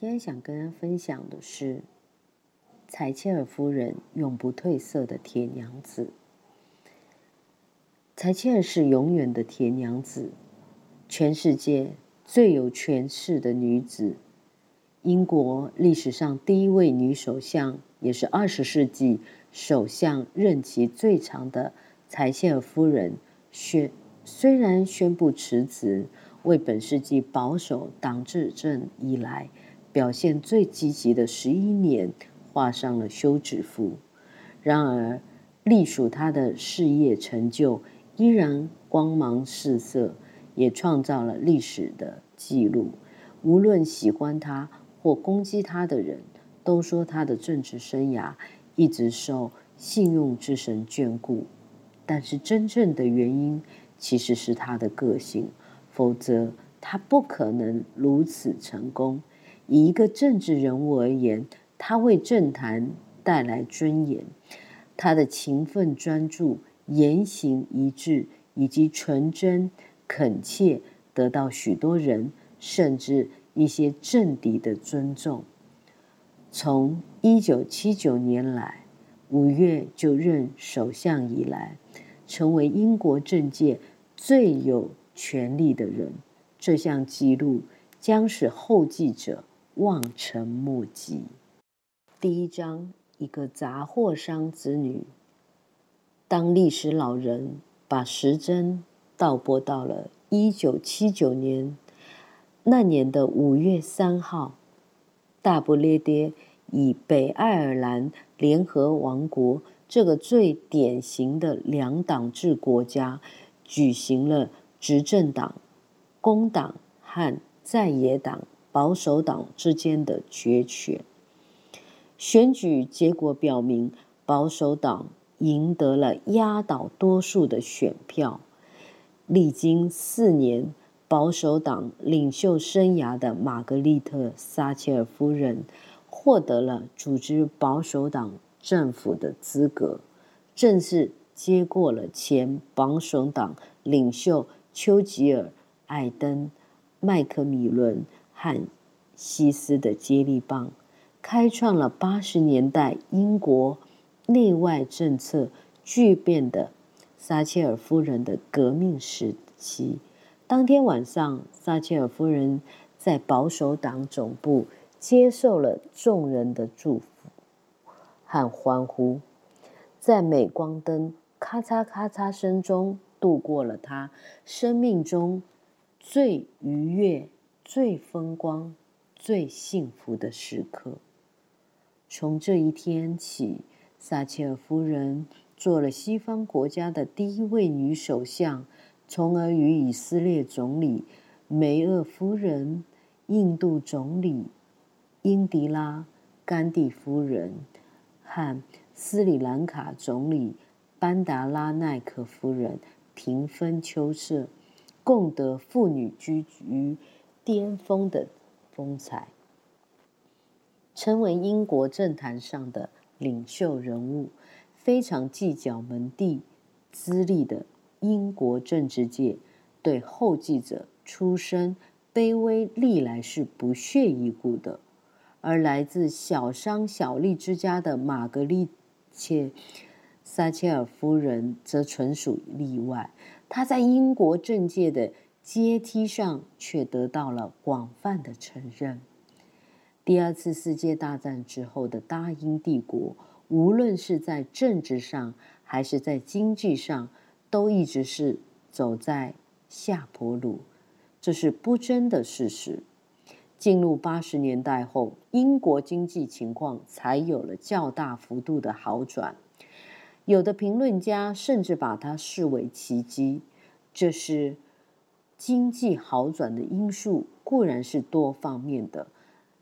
今天想跟大家分享的是，柴契爾夫人永不褪色的鐵娘子。柴契爾是永遠的鐵娘子，全世界最有權勢的女子，英國歷史上第一位女首相，也是二十世紀首相任期最長的柴契爾夫人。宣雖然宣布辭職，為本世紀保守黨執政以來，表現最積極的十一年畫上了休止符。然而，隸屬他的事業成就依然光芒四射，也創造了歷史的記錄。無論喜歡他或攻擊他的人都說，他的政治生涯一直受幸運之神眷顧。但是，真正的原因其實是他的個性，否則他不可能如此成功。以一個政治人物而言，他為政壇帶來尊嚴，他的勤奮、專注、言行一致以及純真、懇切，得到許多人甚至一些政敵的尊重。從一九七九年來，五月就任首相以來，成為英國政界最有權力的人。這項紀錄將使後繼者。望塵莫及。第一章，一個雜貨商之女。當歷史老人把時針倒撥到了一九七九年，那年的五月三號，大不列顛以北愛爾蘭聯合王國這個最典型的兩黨制國家，舉行了執政黨工黨和在野黨。保守黨之間的決選。選舉結果表明，保守黨贏得了壓倒多數的選票。歷經四年保守黨領袖生涯的瑪格麗特·撒切爾夫人獲得了組織保守黨政府的資格，正式接過了前保守黨領袖丘吉爾、艾登、麥克米倫。和希斯的接力棒，開創了八十年代英國內外政策巨變的撒切爾夫人的革命時期。當天晚上，撒切爾夫人在保守黨總部接受了眾人的祝福和歡呼，在鎂光燈咔嚓咔嚓聲中度過了她生命中最愉悅。最風光、最幸福的時刻。從這一天起，撒切爾夫人做了西方國家的第一位女首相，從而與以色列總理梅厄夫人、印度總理英迪拉·甘地夫人和斯里蘭卡總理班達拉奈克夫人平分秋色，共得婦女居居於，巔峰的風采，成為英國政壇上的領袖人物。非常計較門第、資歷的英國政治界，對後繼者出身卑微歷來是不屑一顧的。而來自小商小利之家的瑪格麗切·撒切爾夫人，則純屬例外。她在英國政界的。階梯上卻得到了廣泛的承認。第二次世界大戰之後的大英帝國，無論是在政治上還是在經濟上，都一直是走在下坡路，這是不爭的事實。進入八十年代後，英國經濟情況才有了較大幅度的好轉，有的評論家甚至把它視為奇蹟，這是。經濟好轉的因素固然是多方面的，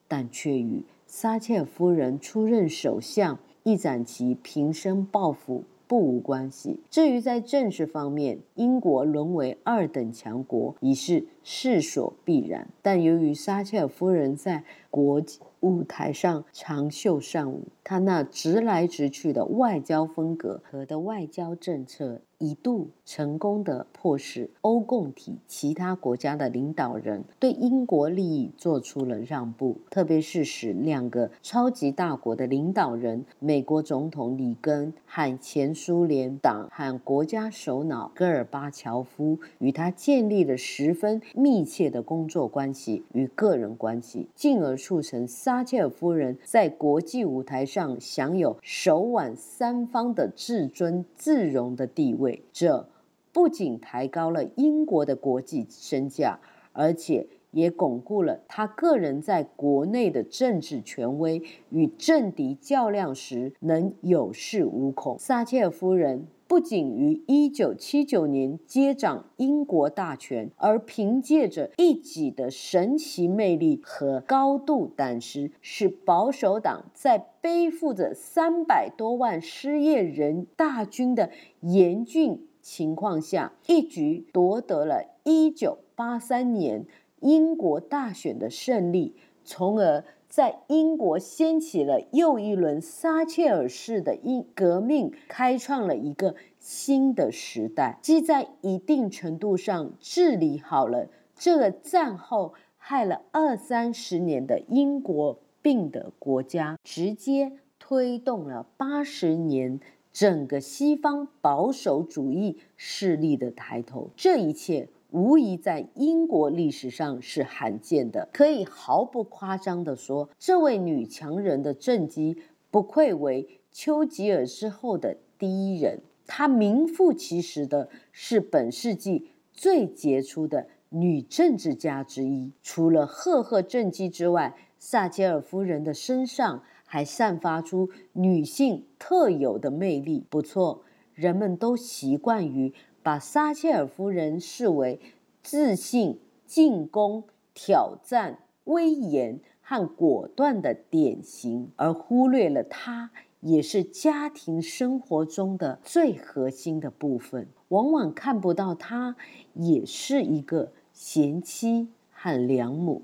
但卻與撒切爾夫人出任首相、一展其平生抱負不無關係。至於在政治方面，英國淪為二等強國已是勢所必然。但由於撒切爾夫人在國際舞台上長袖善舞，她那直來直去的外交風格和的外交政策。一度成功的迫使歐共體其他國家的領導人對英國利益做出了讓步，特別是使兩個超級大國的領導人，美國總統里根和前蘇聯黨和國家首腦戈爾巴喬夫與他建立了十分密切的工作關係與個人關係，進而促成撒切爾夫人在國際舞台上享有首挽三方的至尊自容的地位。這不僅抬高了英國的國際身價，而且也鞏固了他個人在國內的政治權威。與政敵較量時，能有恃無恐。撒切爾夫人。不僅於一九七九年接掌英國大權，而憑借着一己的神奇魅力和高度膽識，使保守黨在背負着三百多萬失業人大軍的嚴峻情況下，一舉奪得了一九八三年英國大選的勝利，從而。在英國掀起了又一輪撒切爾式的英革命，開創了一個新的時代，即在一定程度上治理好了這個戰後害了二三十年的英國病的國家，直接推動了八十年整個西方保守主義勢力的抬頭。這一切。無疑在英國歷史上是罕見的，可以毫不誇張地說，這位女強人的政績不愧為丘吉爾之後的第一人，她名副其實的是本世紀最傑出的女政治家之一。除了赫赫政績之外，撒切爾夫人的身上還散發出女性特有的魅力。不錯，人們都習慣於。把撒切爾夫人視為自信、進攻、挑戰、威嚴和果斷的典型，而忽略了她也是家庭生活中的最核心的部分。往往看不到她也是一個賢妻和良母，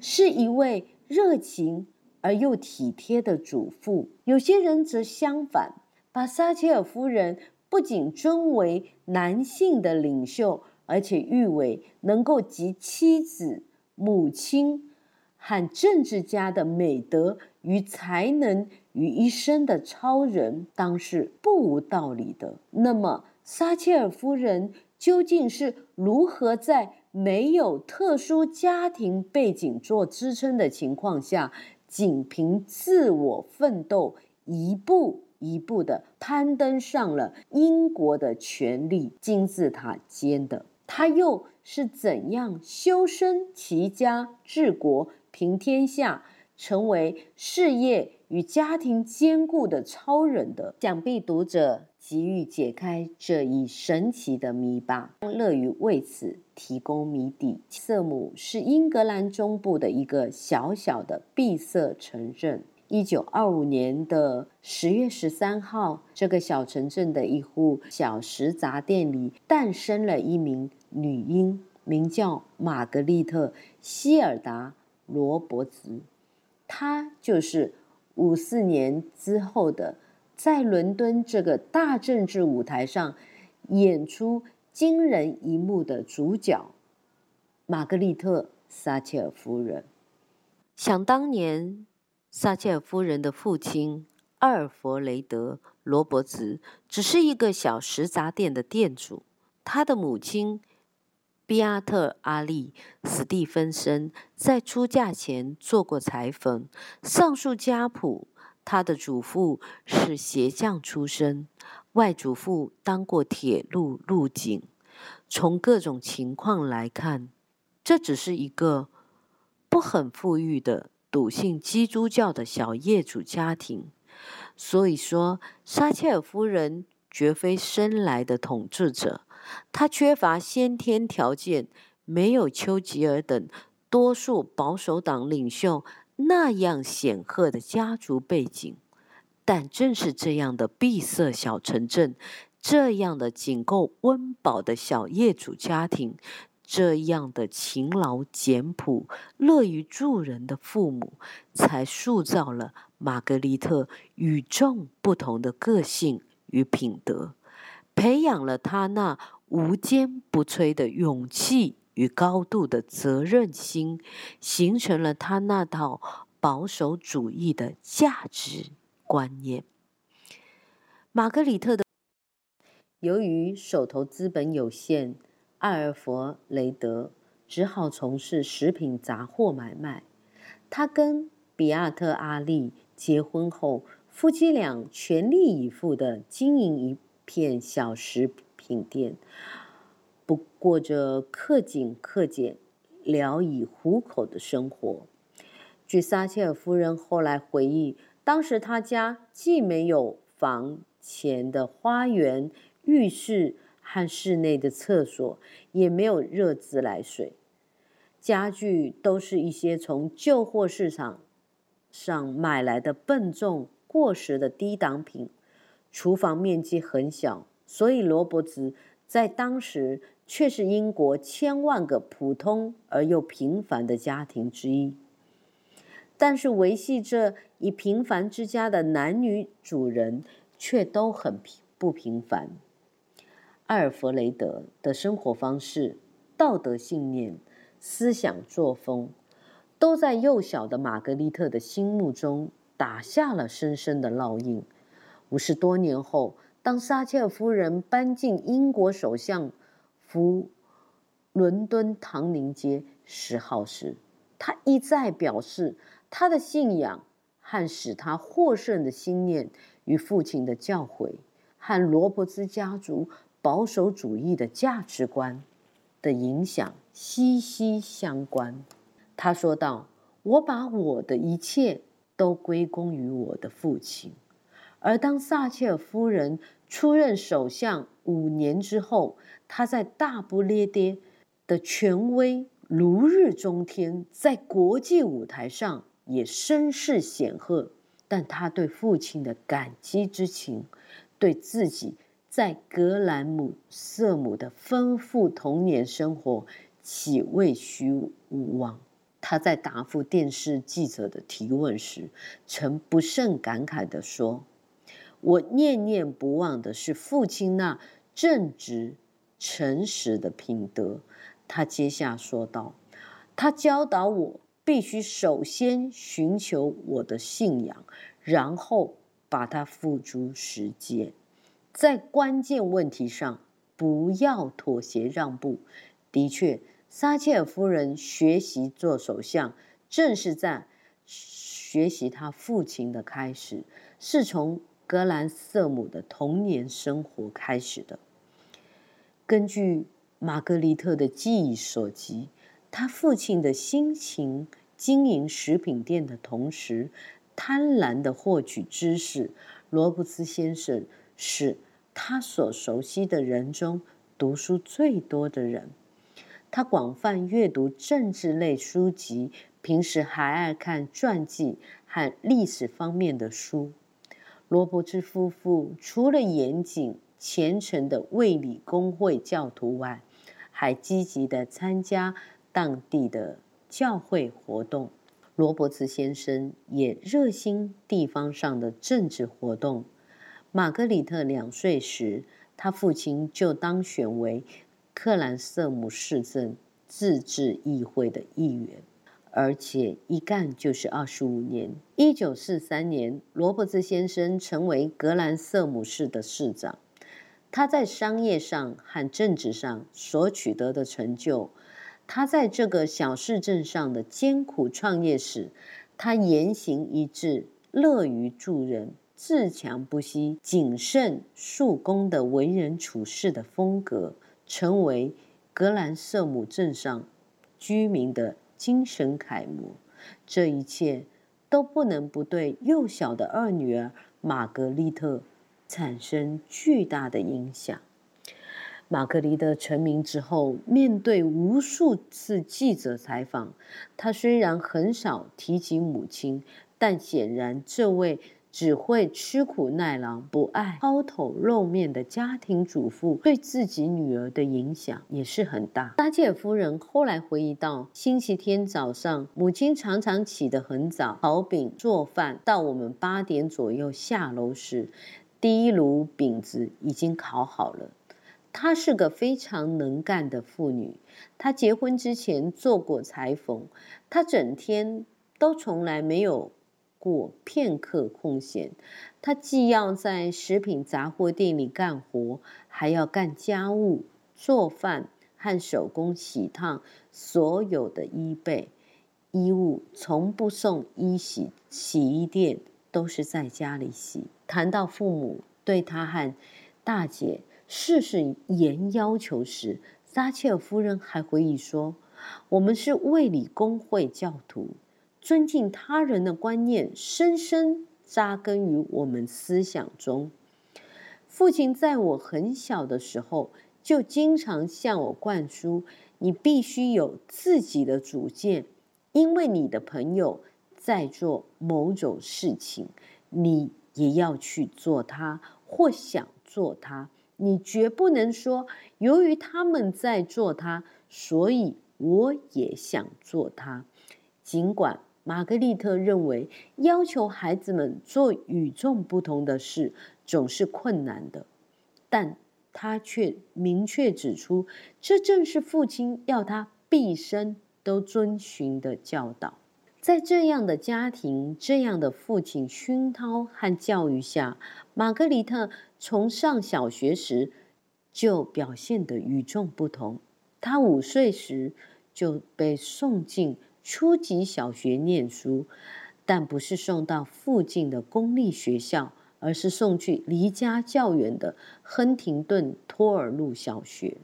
是一位熱情而又體貼的主婦。有些人則相反，把撒切爾夫人。不僅尊為男性的領袖，而且譽為能夠集妻子、母親和政治家的美德與才能於一身的超人，當是不無道理的。那麼，撒切爾夫人究竟是如何在沒有特殊家庭背景做支撐的情況下，僅憑自我奮鬥一步，一步的攀登上了英國的權力金字塔尖的，他又是怎樣修身齊家治國平天下，成為事業與家庭兼顧的超人的？想必讀者亟欲解開這一神奇的謎吧，樂於為此提供謎底。瑟姆是英格蘭中部的一個小小的閉塞城鎮。一九二五年的十月十三號，這個小城鎮的一戶小食雜店裡誕生了一名女嬰，名叫瑪格麗特·希爾達·羅伯茨。她就是五四年之後的，在倫敦這個大政治舞台上演出驚人一幕的主角——瑪格麗特·撒切爾夫人。想當年。撒切爾夫人的父親阿爾弗雷德·羅伯茨只是一個小食雜店的店主，他的母親比阿特阿麗·史蒂芬森在出嫁前做過裁縫。上述家譜，他的祖父是鞋匠出身，外祖父當過鐵路路警。從各種情況來看，這只是一個不很富裕的。篤信基督教的小業主家庭，所以說，撒切爾夫人絕非生來的統治者。她缺乏先天條件，沒有丘吉爾等多數保守黨領袖那樣顯赫的家族背景。但正是這樣的閉塞小城鎮，這樣的僅夠溫飽的小業主家庭。這樣的勤勞、簡樸、樂於助人的父母，才塑造了瑪格麗特與眾不同的個性與品德，培養了她那無堅不摧的勇氣與高度的責任心，形成了她那套保守主義的價值觀念。瑪格麗特的，由於手頭資本有限。阿爾弗雷德只好從事食品雜貨買賣。他跟比亞特阿利結婚後，夫妻倆全力以赴地經營一片小食品店，不過着克勤克儉，聊以糊口的生活。據撒切爾夫人後來回憶，當時她家既沒有房前的花園、浴室，和室內的廁所也沒有熱自來水，家具都是一些從舊貨市場上買來的笨重、過時的低檔品。廚房面積很小，所以羅伯茨在當時卻是英國千萬個普通而又平凡的家庭之一。但是維繫這一平凡之家的男女主人卻都很平不平凡。艾爾弗雷德的生活方式、道德信念、思想作風，都在幼小的瑪格麗特的心目中打下了深深的烙印。五十多年後，當撒切爾夫人搬進英國首相府——倫敦唐寧街十號時，她一再表示，她的信仰和使她獲勝的信念與父親的教誨和羅伯茨家族。保守主義的價值觀的影響息息相關。他說道：“我把我的一切都歸功於我的父親。”而當撒切爾夫人出任首相五年之後，她在大不列顛的權威如日中天，在國際舞台上也聲勢顯赫。但他對父親的感激之情，對自己，在格蘭姆瑟姆的豐富童年生活，豈未虛無望？他在答復電視記者的提問時，曾不勝感慨地說：“我念念不忘的是父親那正直、誠實的品德。”他接下說道：“他教導我必須首先尋求我的信仰，然後把它付諸實踐。”在關鍵問題上不要妥協讓步。的確，撒切爾夫人學習做首相，正是在學習她父親的開始，是從格蘭瑟姆的童年生活開始的。根據瑪格麗特的記憶所及，她父親的辛勤經營食品店的同時，貪婪的獲取知識。羅伯茨先生，是他所熟悉的人中讀書最多的人。他廣泛閱讀政治類書籍，平時還愛看傳記和歷史方面的書。羅伯茨夫婦除了嚴謹虔誠的衛理公會教徒外，還積極地參加當地的教會活動。羅伯茨先生也熱心地方上的政治活動。瑪格麗特兩歲時，他父親就當選為克蘭瑟姆市政自治議會的議員，而且一幹就是二十五年。一九四三年，羅伯茨先生成為格蘭瑟姆市的市長。他在商業上和政治上所取得的成就，他在這個小市鎮上的艱苦創業史，他言行一致，樂於助人。自強不息、謹慎、素功的為人處事的風格，成為格蘭瑟姆鎮上居民的精神楷模。這一切都不能不對幼小的二女兒瑪格麗特產生巨大的影響。瑪格麗特成名之後，面對無數次記者採訪，她雖然很少提及母親，但顯然這位。只會吃苦耐勞、不愛拋頭露面的家庭主婦，對自己女兒的影響也是很大。柴契爾夫人後來回憶道：“星期天早上，母親常常起得很早，烤餅、做飯，到我們八點左右下樓時，第一爐餅，餅子已經烤好了。她是個非常能幹的婦女，她結婚之前做過裁縫，她整天都從來沒有。”或片刻空閒，他既要在食品雜貨店裡幹活，還要幹家務、做飯和手工洗燙所有的衣被衣物，從不送衣洗洗衣店，都是在家裡洗。談到父母對他和大姐事事嚴要求時，撒切爾夫人還回憶說：“我們是衛理公會教徒。”尊敬他人的觀念深深扎根於我們思想中。父親在我很小的時候就經常向我灌輸：你必須有自己的主見，因為你的朋友在做某種事情，你也要去做它或想做它。你絕不能說，由於他們在做它，所以我也想做它，儘管。瑪格麗特認為，要求孩子們做與眾不同的事總是困難的，但她卻明確指出，這正是父親要她畢生都遵循的教導。在這樣的家庭、這樣的父親熏陶和教育下，瑪格麗特從上小學時就表現得與眾不同。她五歲時就被送進。初級小學唸書，但不是送到附近的公立學校，而是送去離家較遠的亨廷頓托爾路小學。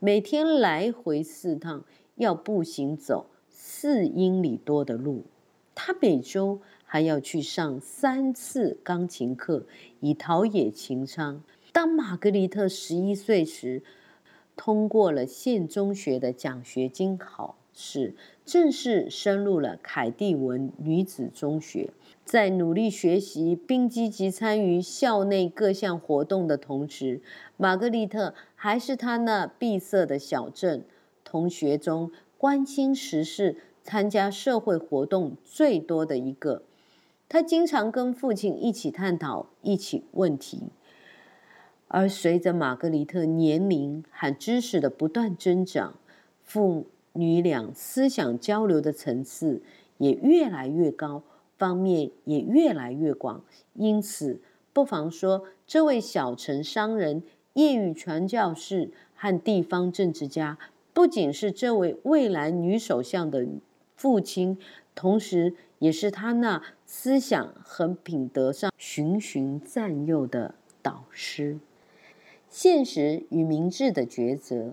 每天來回四趟，要步行走四英里多的路。他每周還要去上三次鋼琴課，以陶冶情操。當瑪格麗特十一歲時，通過了縣中學的獎學金考試。正式升入了凱蒂文女子中學，在努力學習並積極參與校內各項活動的同時，瑪格麗特還是她那閉塞的小鎮同學中關心時事、參加社會活動最多的一個。她經常跟父親一起探討一起問題，而隨着瑪格麗特年齡和知識的不斷增長，父母女倆思想交流的層次也越來越高，方面也越來越廣，因此，不妨說，這位小城商人、業餘傳教士和地方政治家，不僅是這位未來女首相的父親，同時也是她那思想和品德上循循善誘的導師。現實與明智的抉擇。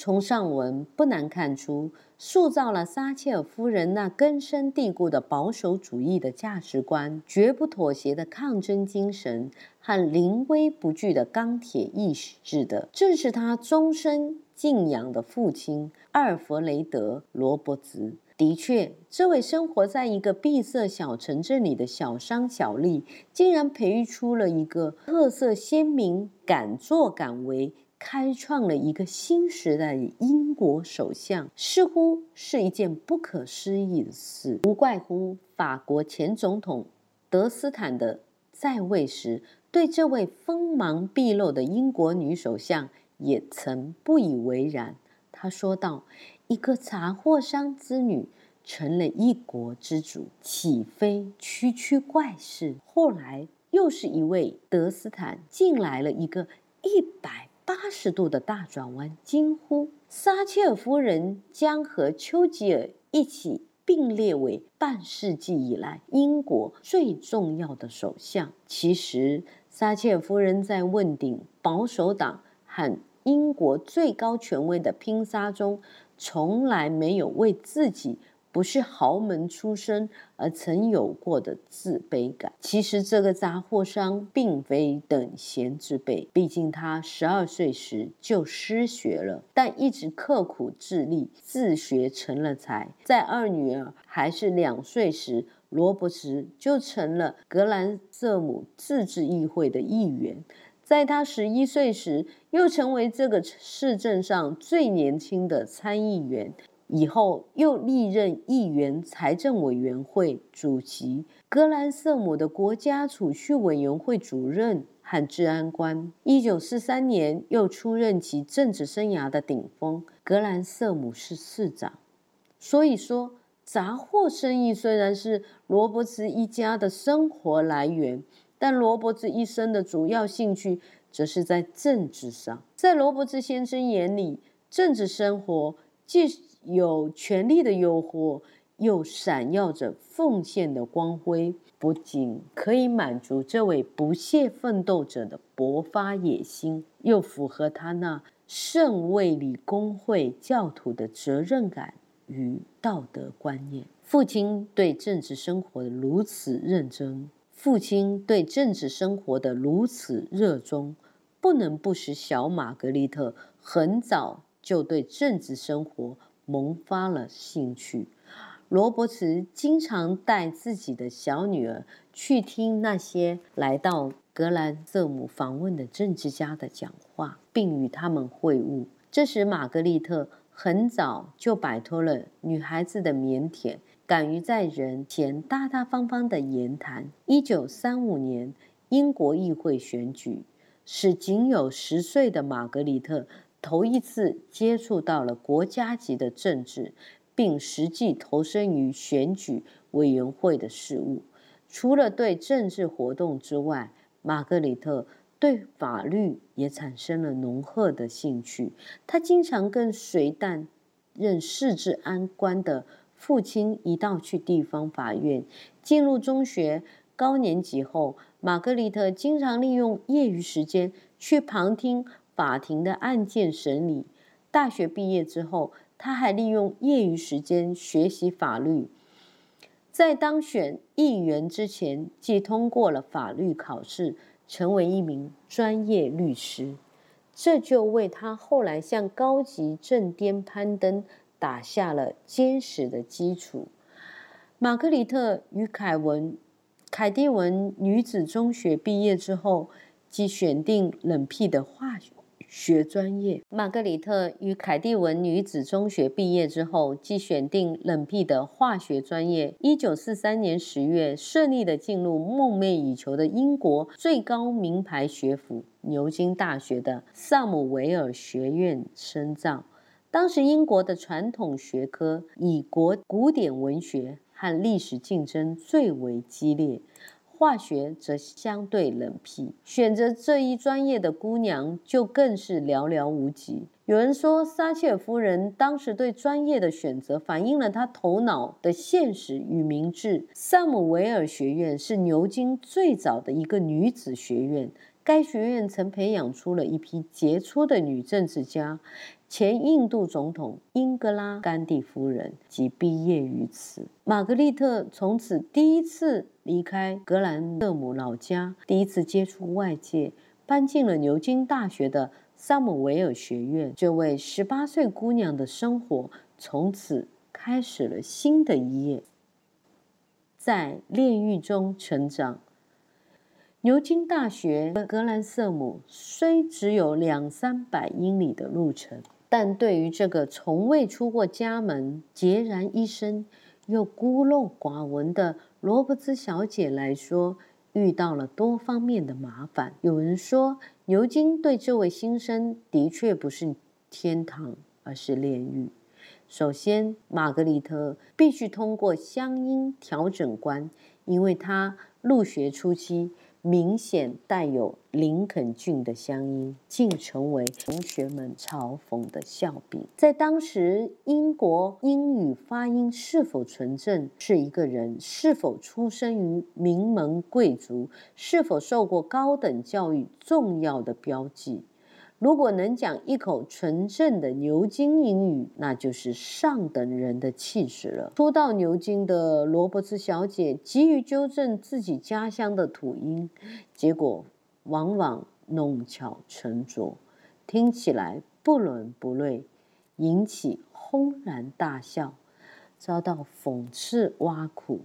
從上文不難看出，塑造了撒切爾夫人那根深蒂固的保守主義的價值觀、絕不妥協的抗爭精神和臨危不懼的鋼鐵意志的，正是她終身敬仰的父親阿爾弗雷德·羅伯茨。的確，這位生活在一個閉塞小城鎮裡的小商小利，竟然培育出了一個特色鮮明、敢作敢為。開創了一個新時代的英國首相，似乎是一件不可思議的事。無怪乎法國前總統德斯坦的在位時，對這位鋒芒畢露的英國女首相也曾不以為然。他說道：“一個雜貨商之女成了一國之主，豈非區區怪事？”後來又是一位德斯坦進來了，一個一百。八十度的大轉彎，驚呼：撒切爾夫人將和丘吉爾一起並列為半世紀以來英國最重要的首相。其實，撒切爾夫人在問鼎保守黨和英國最高權威的拼殺中，從來沒有為自己不是豪門出身而曾有過的自卑感。其實，這個雜貨商並非等閒之輩。畢竟，他十二歲時就失學了，但一直刻苦自立，自學成了才。在二女兒還是兩歲時，羅伯茨就成了格蘭瑟姆自治議會的議員。在他十一歲時，又成為這個市鎮上最年輕的參議員。以後又歷任議員、財政委員會主席、格蘭瑟姆的國家儲蓄委員會主任和治安官。一九四三年，又出任其政治生涯的頂峰——格蘭瑟姆市市長。所以說，雜貨生意雖然是羅伯茨一家的生活來源，但羅伯茨一生的主要興趣則是在政治上。在羅伯茨先生眼裡，政治生活既是……有權力的誘惑，又閃耀着奉獻的光輝，不僅可以滿足這位不懈奮鬥者的勃發野心，又符合他那聖衛理公會教徒的責任感與道德觀念。父親對政治生活的如此認真，父親對政治生活的如此熱衷，不能不使小瑪格麗特很早就對政治生活。萌發了興趣，羅伯茨經常帶自己的小女兒去聽那些來到格蘭瑟姆訪問的政治家的講話，並與他們會晤。這時，瑪格麗特很早就擺脫了女孩子的腼腆，敢於在人前大大方方的言談。一九三五年，英國議會選舉使僅有十歲的瑪格麗特。頭一次接觸到了國家級的政治，並實際投身於選舉委員會的事務。除了對政治活動之外，瑪格麗特對法律也產生了濃厚的興趣。她經常跟隨擔任市治安官的父親一道去地方法院。進入中學高年級後，瑪格麗特經常利用業餘時間去旁聽。法庭的案件審理。大學畢業之後，他還利用業餘時間學習法律。在當選議員之前，既通過了法律考試，成為一名專業律師，這就為他後來向高級政顛攀登打下了堅實的基礎。瑪格麗特與凱文、凱蒂文女子中學畢業之後，即選定冷僻的化學。學專業。瑪格麗特與凱蒂文女子中學畢業之後，即選定冷僻的化學專業。一九四三年十月，順利地進入夢寐以求的英國最高名牌學府——牛津大學的薩姆維爾學院深造。當時，英國的傳統學科以國古典文學和歷史競爭最為激烈。化學則相對冷僻，選擇這一專業的姑娘就更是寥寥無幾。有人說，撒切爾夫人當時對專業的選擇反映了她頭腦的現實與明智。薩姆維爾學院是牛津最早的一個女子學院，該學院曾培養出了一批傑出的女政治家。前印度總統英格拉甘地夫人即畢業於此。瑪格麗特從此第一次離開格蘭瑟姆老家，第一次接觸外界，搬進了牛津大學的薩姆維爾學院。這位十八歲姑娘的生活從此開始了新的一頁，在煉獄中成長。牛津大學的格蘭瑟姆雖只有兩三百英里的路程。但對於這個從未出過家門、孑然一身又孤陋寡聞的羅伯茨小姐來說，遇到了多方面的麻煩。有人說，牛津對這位新生的確不是天堂，而是煉獄。首先，瑪格麗特必須通過鄉音調整關，因為她入學初期。明顯帶有林肯郡的鄉音，竟成為同學們嘲諷的笑柄。在當時，英國英語發音是否純正，是一個人是否出生於名門貴族、是否受過高等教育重要的標記。如果能講一口純正的牛津英語，那就是上等人的氣勢了。初到牛津的羅伯茨小姐急於糾正自己家鄉的土音，結果往往弄巧成拙，聽起來不倫不類，引起哄然大笑，遭到諷刺挖苦。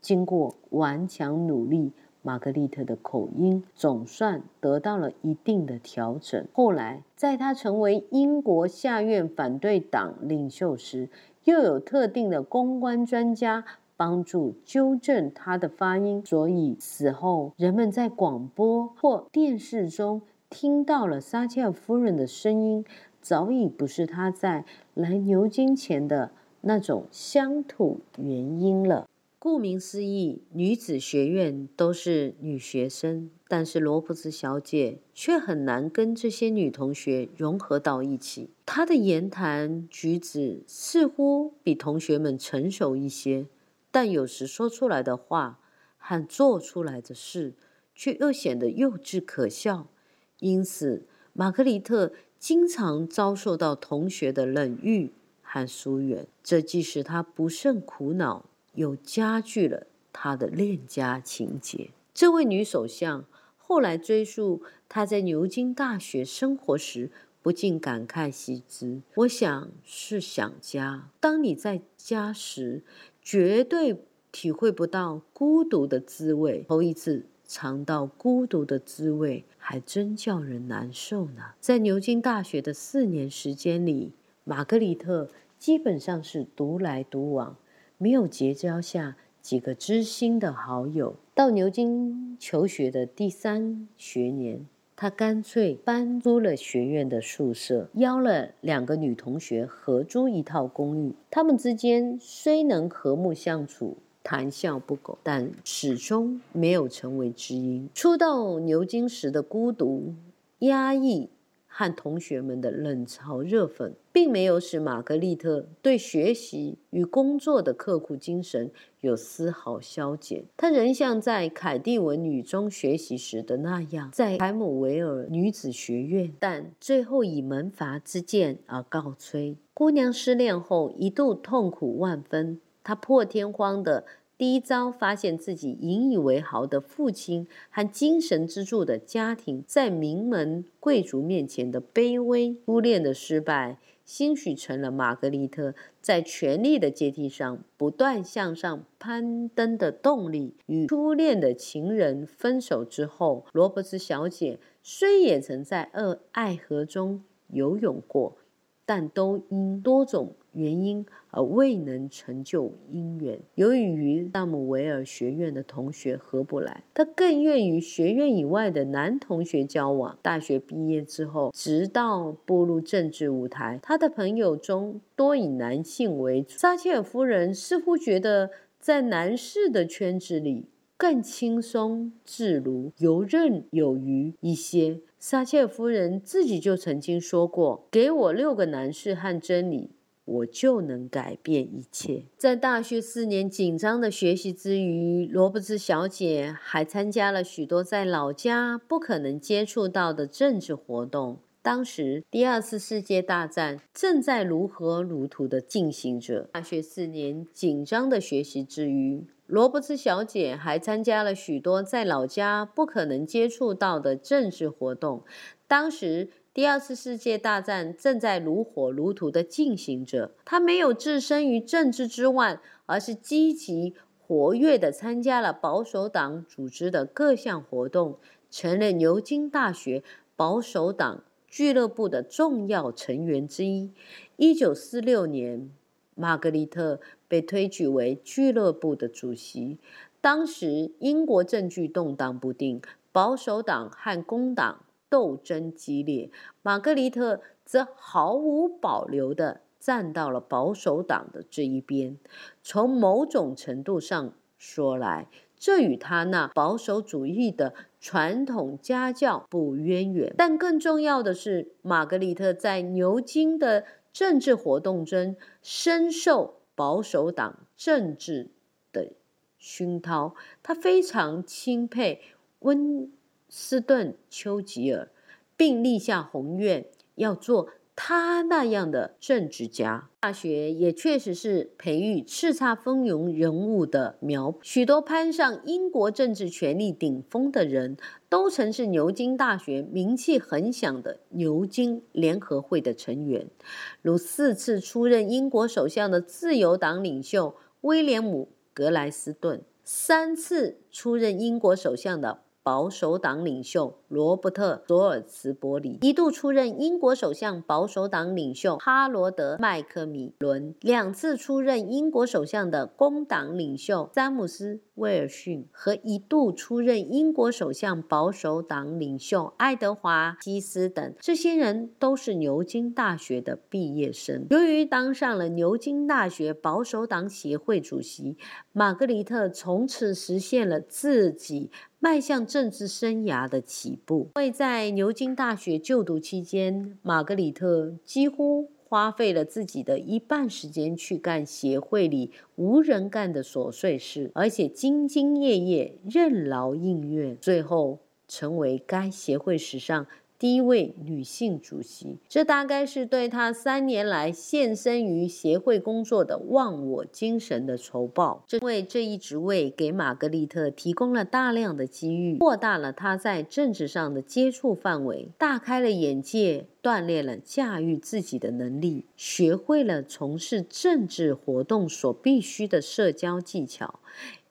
經過頑強努力。瑪格麗特的口音總算得到了一定的調整。後來，在她成為英國下院反對黨領袖時，又有特定的公關專家幫助糾正她的發音。所以，此後人們在廣播或電視中聽到了撒切爾夫人的聲音，早已不是她在來牛津前的那種鄉土原音了。顧名思義，女子學院都是女學生，但是羅伯茨小姐卻很難跟這些女同學融合到一起。她的言談舉止似乎比同學們成熟一些，但有時說出來的話和做出來的事，卻又顯得幼稚可笑。因此，瑪格麗特經常遭受到同學的冷遇和疏遠，這既使她不勝苦惱。又加劇了她的戀家情結。這位女首相後來追溯她在牛津大學生活時，不禁感慨唏噓。我想是想家。當你在家時，絕對體會不到孤獨的滋味。頭一次嘗到孤獨的滋味，還真叫人難受呢。在牛津大學的四年時間裡，瑪格麗特基本上是獨來獨往。沒有結交下幾個知心的好友。到牛津求學的第三學年，他乾脆搬出了學院的宿舍，邀了兩個女同學合租一套公寓。他們之間雖能和睦相處，談笑不苟，但始終沒有成為知音。初到牛津時的孤獨、壓抑。和同學們的冷嘲熱諷，並沒有使瑪格麗特對學習與工作的刻苦精神有絲毫消減。她仍像在凱蒂文女中學習時的那樣，在凱姆維爾女子學院，但最後以門閥之見而告吹。姑娘失戀後一度痛苦萬分，她破天荒地。第一遭，發現自己引以為豪的父親和精神支柱的家庭在名門貴族面前的卑微；初戀的失敗，興許成了瑪格麗特在權力的階梯上不斷向上攀登的動力。與初戀的情人分手之後，羅伯茨小姐雖也曾在二愛河中游泳過，但都因多種。原因而未能成就姻緣。由於與薩姆維爾學院的同學合不來，他更願與學院以外的男同學交往。大學畢業之後，直到步入政治舞台，他的朋友中多以男性為主。撒切爾夫人似乎覺得，在男士的圈子裡更輕鬆自如、游刃有餘一些。撒切爾夫人自己就曾經說過：“給我六個男士和真理。”我就能改變一切。在大學四年緊張的學習之餘，羅伯茨小姐還參加了許多在老家不可能接觸到的政治活動。當時，第二次世界大戰正在如火如荼的進行着。大學四年緊張的學習之餘，羅伯茨小姐還參加了許多在老家不可能接觸到的政治活動。當時。第二次世界大戰正在如火如荼的進行着，他沒有置身於政治之外，而是積極活躍的參加了保守黨組織的各項活動，成了牛津大學保守黨俱樂部的重要成員之一。一九四六年，瑪格麗特被推舉為俱樂部的主席。當時，英國政局動蕩不定，保守黨和工黨。鬥爭激烈，瑪格麗特則毫無保留地站到了保守黨的這一邊。從某種程度上說來，這與他那保守主義的傳統家教不淵源。但更重要的是，瑪格麗特在牛津的政治活動中深受保守黨政治的熏陶，他非常欽佩溫。斯頓·丘吉爾，並立下宏願要做他那樣的政治家。大學也確實是培育叱咤風雲人物的苗圃。許多攀上英國政治權力頂峰的人都曾是牛津大學名氣很響的牛津聯合會的成員，如四次出任英國首相的自由黨領袖威廉姆·格萊斯頓，三次出任英國首相的。保守黨領袖羅伯特·索爾茨伯里一度出任英國首相；保守黨領袖哈羅德·麥克米倫兩次出任英國首相的工黨領袖詹姆斯·威爾遜和一度出任英國首相保守黨領袖愛德華·基斯等，這些人都是牛津大學的畢業生。由於當上了牛津大學保守黨協會主席，瑪格麗特從此實現了自己。邁向政治生涯的起步。因為在牛津大學就讀期間，瑪格麗特幾乎花費了自己的一半時間去幹協會裡無人幹的瑣碎事，而且兢兢業業、任勞任怨，最後成為該協會史上第一位女性主席，這大概是對她三年來獻身於協會工作的忘我精神的酬報。因為這一職位給瑪格麗特提供了大量的機遇，擴大了她在政治上的接觸範圍，大開了眼界，鍛鍊了駕馭自己的能力，學會了從事政治活動所必須的社交技巧。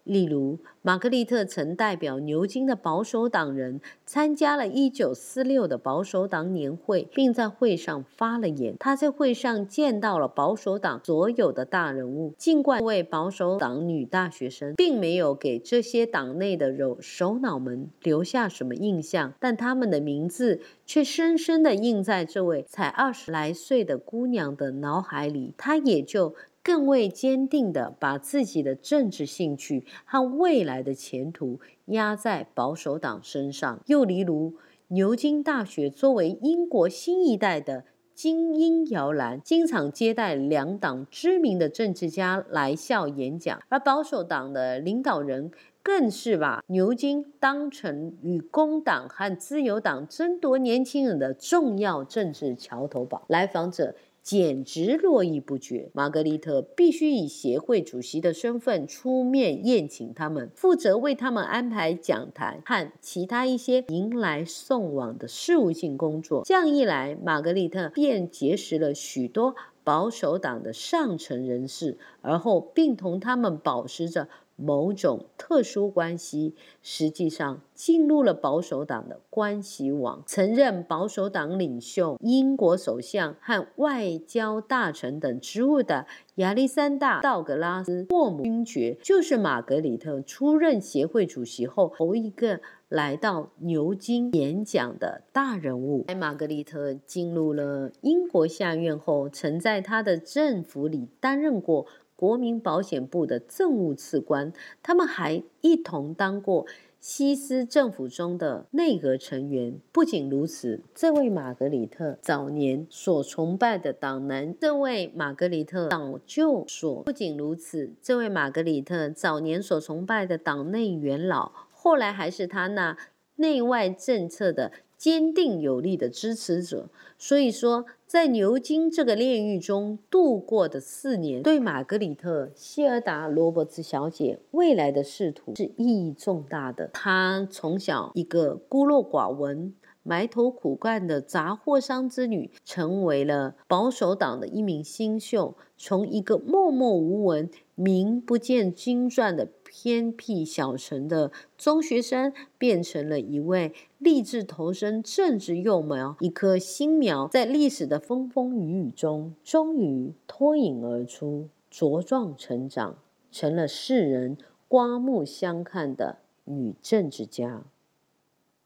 例如，瑪格麗特曾代表牛津的保守黨人參加了一九四六的保守黨年會，並在會上發了言。她在會上見到了保守黨所有的大人物，儘管這位保守黨女大學生，並沒有給這些黨內的首腦們留下什麼印象，但他們的名字卻深深地印在這位才二十來歲的姑娘的腦海裡。她也就。更為堅定地把自己的政治興趣和未來的前途壓在保守黨身上。又例如，牛津大學作為英國新一代的精英搖籃，經常接待兩黨知名的政治家來校演講，而保守黨的領導人更是把牛津當成與工黨和自由黨爭奪年輕人的重要政治橋頭堡。來訪者。簡直絡繹不絕。瑪格麗特必須以協會主席的身份出面宴請他們，負責為他們安排講台和其他一些迎來送往的事務性工作。這樣一來，瑪格麗特便結識了許多保守黨的上層人士，而後並同他們保持着。某種特殊關係，實際上進入了保守黨的關係網。曾任保守黨領袖、英國首相和外交大臣等職務的亞歷山大·道格拉斯·霍姆勳爵，就是瑪格麗特出任協會主席後頭一個來到牛津演講的大人物。在瑪格麗特進入了英國下院後，曾在他的政府裡擔任過。國民保險部的政務次官，他們還一同當過西斯政府中的內閣成員。不僅如此，這位瑪格里特早年所崇拜的黨人，這位瑪格里特早就所，不僅如此，這位瑪格里特早年所崇拜的黨內元老，後來還是他那內外政策的。堅定有力的支持者，所以說，在牛津這個煉獄中度過的四年，對瑪格麗特·希爾達·羅伯茨小姐未來的仕途是意義重大的。她從小一個孤陋寡聞、埋頭苦幹的雜貨商之女，成為了保守黨的一名新秀，從一個默默無聞、名不見經傳的。偏僻小城的中學生，變成了一位立志投身政治幼苗，一棵新苗，在歷史的風風雨雨中，終於脫穎而出，茁壯成長，成了世人刮目相看的女政治家。